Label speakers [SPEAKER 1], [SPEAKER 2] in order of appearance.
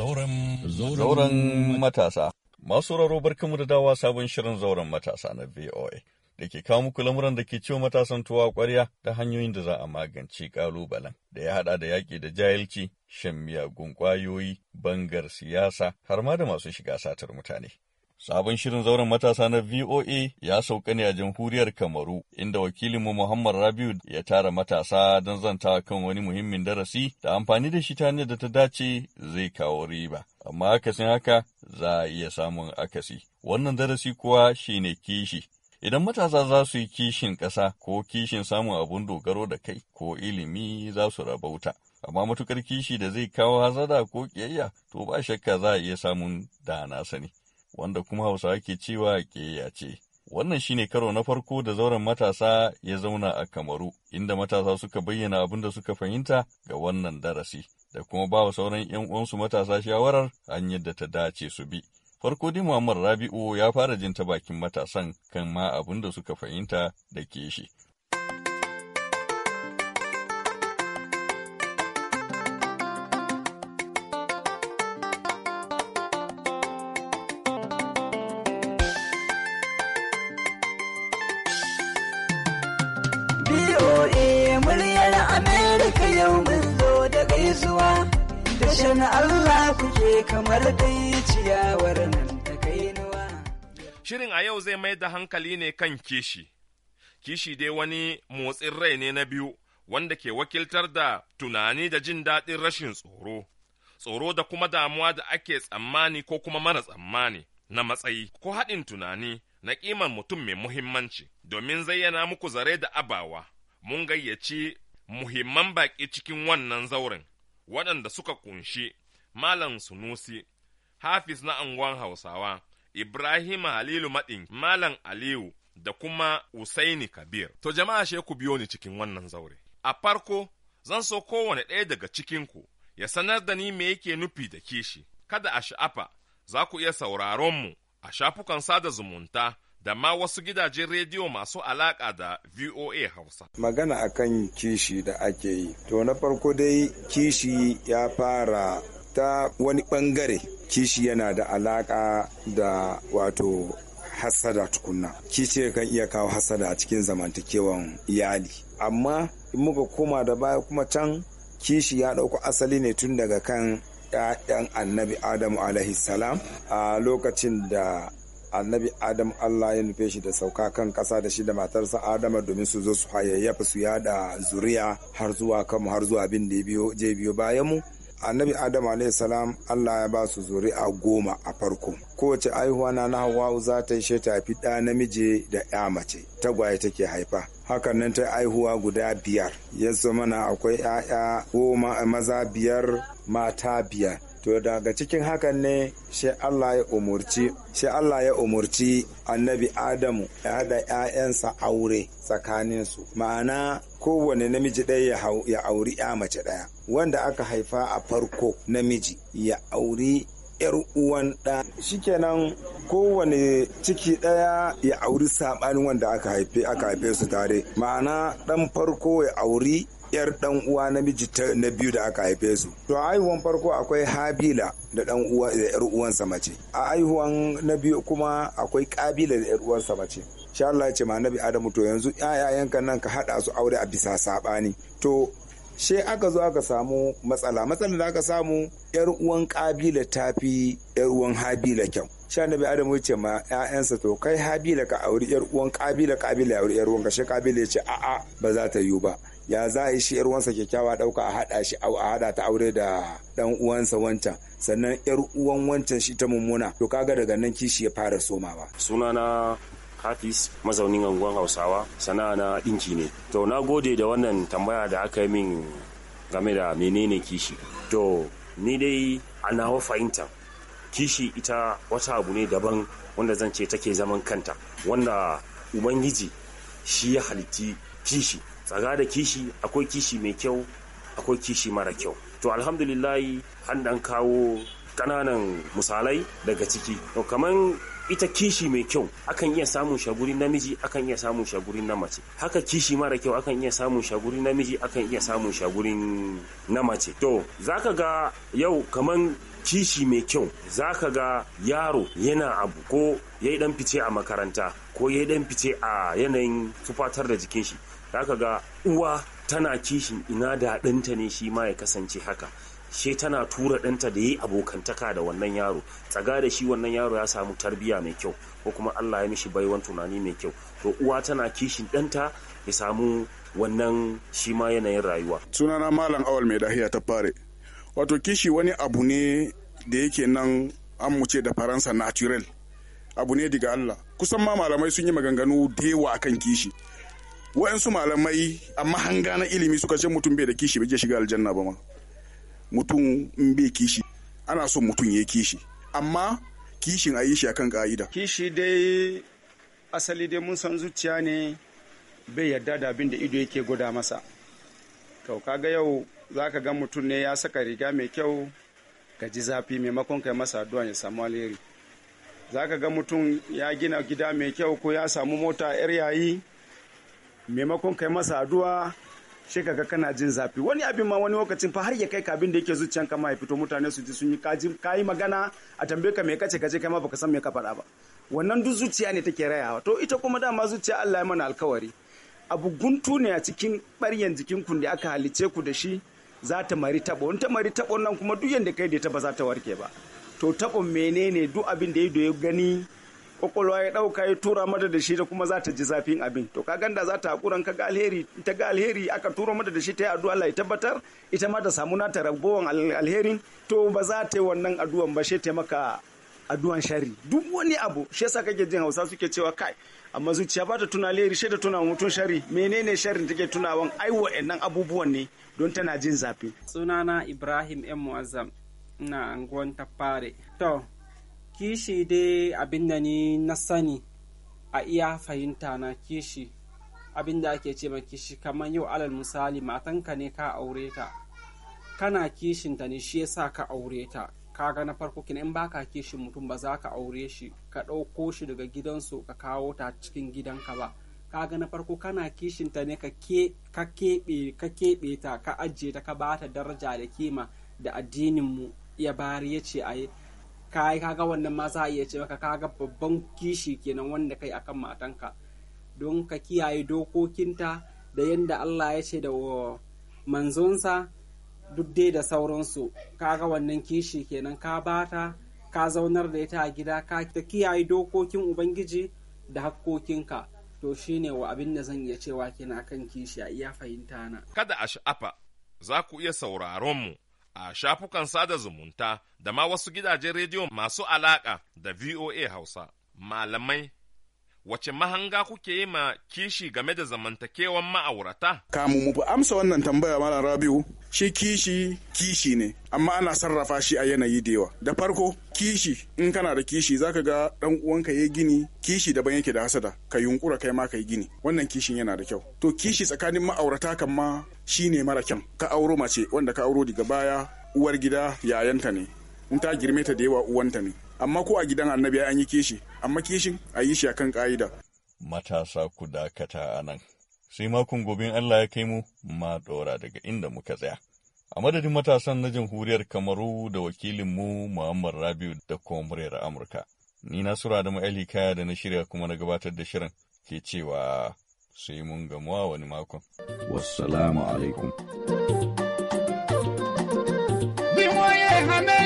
[SPEAKER 1] Zauren matasa. Masu raro barkamu da dawa sabon shirin zauren matasa na VOA. Da ke kawo muku lamuran da ke ciwo matasan tuwa kwarya da hanyoyin da za a magance ƙalubalen da ya haɗa da yaƙi da jahilci, shan miyagun ƙwayoyi, bangar siyasa, har ma da masu shiga satar mutane. Sabon shirin zauren matasa na VOA ya sauka ne a jamhuriyar Kamaru, inda wakilinmu Muhammad Rabiu ya tara matasa don zanta kan wani muhimmin darasi da amfani da shi ta hanyar da ta dace zai kawo riba. Amma akasin haka za a iya samun akasi. Wannan darasi kuwa shine kishi. Idan matasa za su yi kishin ƙasa ko kishin samun abun dogaro da kai ko ilimi za su rabauta. amma matukar kishi da zai kawo hazada ko ƙiyayya to ba shakka za a iya samun da na sani. wanda kuma Hausa ke cewa ƙeya ce. Wannan shine karo na farko da zauren matasa ya zauna a Kamaru, inda matasa suka bayyana abin da suka fahimta ga wannan darasi, da kuma ba wa sauran 'yan uwansu matasa shawarar hanyar da ta dace su bi. Farko dai Muhammad Rabi'u ya fara jin ta bakin matasan kan ma abin da suka fahimta da ke shi.
[SPEAKER 2] haka yau mun zo da gaisuwa da shan Allah kuke kamar dai ciyawar nan ta kainuwa.
[SPEAKER 3] Shirin a yau zai mai da hankali ne kan kishi. Kishi dai wani motsin rai ne na biyu wanda ke wakiltar da tunani da jin daɗin rashin tsoro. Tsoro da kuma damuwa da ake tsammani ko kuma mara tsammani na matsayi ko haɗin tunani na ƙiman mutum mai muhimmanci domin zayyana muku zare da abawa. Mun gayyaci muhimman baƙi cikin wannan zauren, waɗanda suka kunshi Malam Sunusi, Hafiz na angon Hausawa, Ibrahim Halilu Maɗin, Malam Aliyu da kuma Usaini Kabir. To jama'a she ku biyo ni cikin wannan zaure. A farko, zan so kowane ɗaya daga cikinku ya sanar da ni me yake nufi da kishi. Kada a sha'afa, za ku iya sauraron mu a shafukan sada zumunta da ma wasu gidajen rediyo masu alaƙa da VOA Hausa.
[SPEAKER 4] Magana akan kishi da ake yi. To na farko dai kishi ya fara ta wani ɓangare. Kishi yana da alaƙa da wato hasada tukunna. Kishi kan iya kawo hasada a cikin zamantakewan iyali. Amma in muka koma da baya kuma can kishi ya ɗauko asali ne tun daga kan ‘ya'yan annabi Adamu alaihi salam a lokacin da annabi adam allah ya nufe shi da sauka kan ƙasa da shi da matarsa adama domin su zo su hayayyafa su yada zuriya har zuwa kanmu har zuwa abin da je biyo bayan mu annabi adam alayhi salam allah ya ba su zuri'a goma a farko kowace aihuwa na na hawa'u za ta yi sheta fi ɗa namiji da ya mace tagwaye take haifa hakan nan ta aihuwa guda biyar yanzu mana akwai 'ya'ya goma maza biyar mata biyar to daga cikin hakan ne sai Allah ya umurci sai Allah ya umurci annabi Adamu ya hada ‘ya'yansa aure tsakaninsu ma'ana kowane namiji ɗaya ya auri ‘ya mace ɗaya wanda aka haifa a farko namiji ya auri 'yar uwan ɗa shikenan kowane ciki ɗaya ya auri saɓanin wanda aka haife aka haife su tare ma'ana ɗan farko ya auri yar dan uwa namiji na biyu da aka haife su to a aihuwan farko akwai habila da dan uwa da yar uwansa mace a aihuwan na biyu kuma akwai kabila da yar uwansa mace sha Allah ya ce ma nabi Adamu to yanzu 'ya'yayanka nan ka haɗa su aure a bisa saɓani to she aka zo aka samu matsala matsalar da aka samu yar uwan kabila ta fi yar uwan habila kyau sha annabi adamu ya ce ma ƴaƴansa to kai habila ka auri yar uwan kabila kabila ya auri yar uwan ka she kabila ya ce a'a ba za ta yiwu ba ya za a yi shi yar uwansa kyakkyawa dauka a haɗa shi a haɗa ta aure da ɗan uwansa wancan sannan yar uwan wancan shi ta mummuna to kaga daga nan kishi ya fara somawa
[SPEAKER 5] sunana hafiz mazaunin anguwan hausawa sana'a na ɗinki ne to na gode da wannan tambaya da aka yi min game da menene kishi to ni dai a nawa fahimta kishi ita wata abu ne daban wanda zan ce take zaman kanta wanda ubangiji shi ya halitti kishi tsaga da kishi akwai kishi mai kyau akwai kishi mara kyau to alhamdulillahi an dan kawo kananan misalai daga ciki to kaman ita kishi mai kyau akan iya samun shaguri namiji akan iya samun shaguri na mace haka kishi mara kyau akan iya samun shaguri namiji akan iya samun shaguri na mace to zaka ga yau kaman kishi mai kyau zaka ga yaro yana abu ko yayi ɗan dan fice a makaranta ko yayi ɗan dan fice a yanayin tufatar da jikin shi zaka ga uwa tana kishin ina da ɗanta ne shi ma ya kasance haka she tana tura ɗanta da yi abokantaka da wannan yaro tsaga da shi wannan yaro ya samu tarbiya mai kyau ko kuma allah ya mishi baiwan tunani mai kyau to uwa tana kishin ɗanta ya samu wannan shi ma yanayin rayuwa sunana malam awal mai dahiya ta fare wato kishi
[SPEAKER 6] wani abu ne da yake nan an mu da faransa natural abu ne daga allah kusan ma malamai sun yi maganganu da yawa akan kishi wa'yansu malamai amma hanga na ilimi suka ce mutum bai da kishi bai shiga aljanna ba ma mutum in bai kishi ana son mutum ya kishi amma kishin a yi shi akan ka'ida kishi
[SPEAKER 7] dai asali dai mun san zuciya ne bai yarda da abin da ido yake guda masa to kaga yau za ka ga mutum ne ya saka riga mai kyau ka ji zafi maimakon kai masa addu'a ya samu alheri za ka ga mutum ya gina gida mai kyau ko ya samu mota yar yayi maimakon kai masa addu'a shi kaga kana jin zafi wani abin ma wani lokacin fa har ya kai ka abin da yake zuciyan ka ma ya fito mutane su ji sun yi kaji yi magana a tambaye ka me kace kace kai ma baka san me ka faɗa ba wannan duk zuciya ne take rayawa to ita kuma dama zuciya Allah ya mana alkawari abu guntu ne a cikin ɓaryan jikin ku da aka halice ku da shi za ta mari tabo wani ta mari taɓo nan kuma duk yanda kai da ta ba za ta warke ba to taɓon menene duk abin da ya gani kwakwalwa ya ɗauka ya tura mata da shi da kuma za ta ji zafin abin to ka ganda za ta hakuran ka ga alheri ta ga alheri aka tura mata da shi ta yi addu'a Allah ya tabbatar ita ma ta samu nata ragowan alherin to ba za ta yi wannan addu'an ba shi ta maka addu'an shari duk wani abu shi yasa kake jin Hausa suke cewa kai amma zuciya ba ta tuna alheri shi da tuna mutum shari menene sharrin take
[SPEAKER 2] tunawan ai wa'annan abubuwan ne don tana jin zafi sunana Ibrahim M Muazzam ina anguwan Tafare to kishi dai abin da ni na sani a iya fahimta na kishi abin da ake ce kishi kamar yau alal misali matanka ne ka aure ta kana kishinta ne shi yasa ka aure ta kaga na farko kina in baka kishin mutum ba za ka aure shi ka ɗauko shi daga gidansu ka kawo ta cikin gidanka ba kaga na farko kana kishinta ne ka keɓe ta ka ajiye ta ka bata daraja da kima da addinin mu ya bari ya ce a yi kai kaga wannan ma za a iya ce maka kaga babban kishi kenan wanda kai akan matanka don ka kiyaye dokokinta da yadda Allah ya ce da manzonsa duk dai da sauransu kaga wannan kishi kenan ka bata ka zaunar da ita a gida ka kiyaye dokokin ubangiji da hakkokinka to shine wa abin da zan iya cewa kenan akan kishi a
[SPEAKER 3] iya fahimta na kada a sha'afa za ku iya sauraron mu a shafukan sada zumunta da ma wasu gidajen rediyo masu alaƙa da VOA Hausa. Malamai, wace mahanga kuke yi ma kishi game da zamantakewan ma'aurata?
[SPEAKER 6] Kamu mu amsa wannan tambaya Malam Rabiu, shi kishi kishi ne amma ana sarrafa shi a yanayi da yawa da farko kishi in kana da kishi zaka ga dan uwanka yayi gini kishi daban yake da hasada ka yunkura kai ma kai gini wannan kishin yana da kyau to kishi tsakanin ma'aurata kan ma shine mara kyan ka auro mace wanda ka auro daga baya uwar gida yayanta ne in ta girme ta da yawa uwanta ne amma ko a gidan annabi an yi kishi amma kishin a yi shi akan ka'ida
[SPEAKER 1] matasa ku dakata anan sai makon gobe Allah ya kai mu ma ɗora daga inda muka tsaya. A madadin matasan na jamhuriyar Kamaru da wakilinmu Muhammad Rabiu da Komrera Amurka. Ni na Sura da Ma'ali Kaya da na shirya kuma na gabatar da shirin ke cewa sai mun gamuwa wani makon. Wassalamu alaikum.
[SPEAKER 7] Bi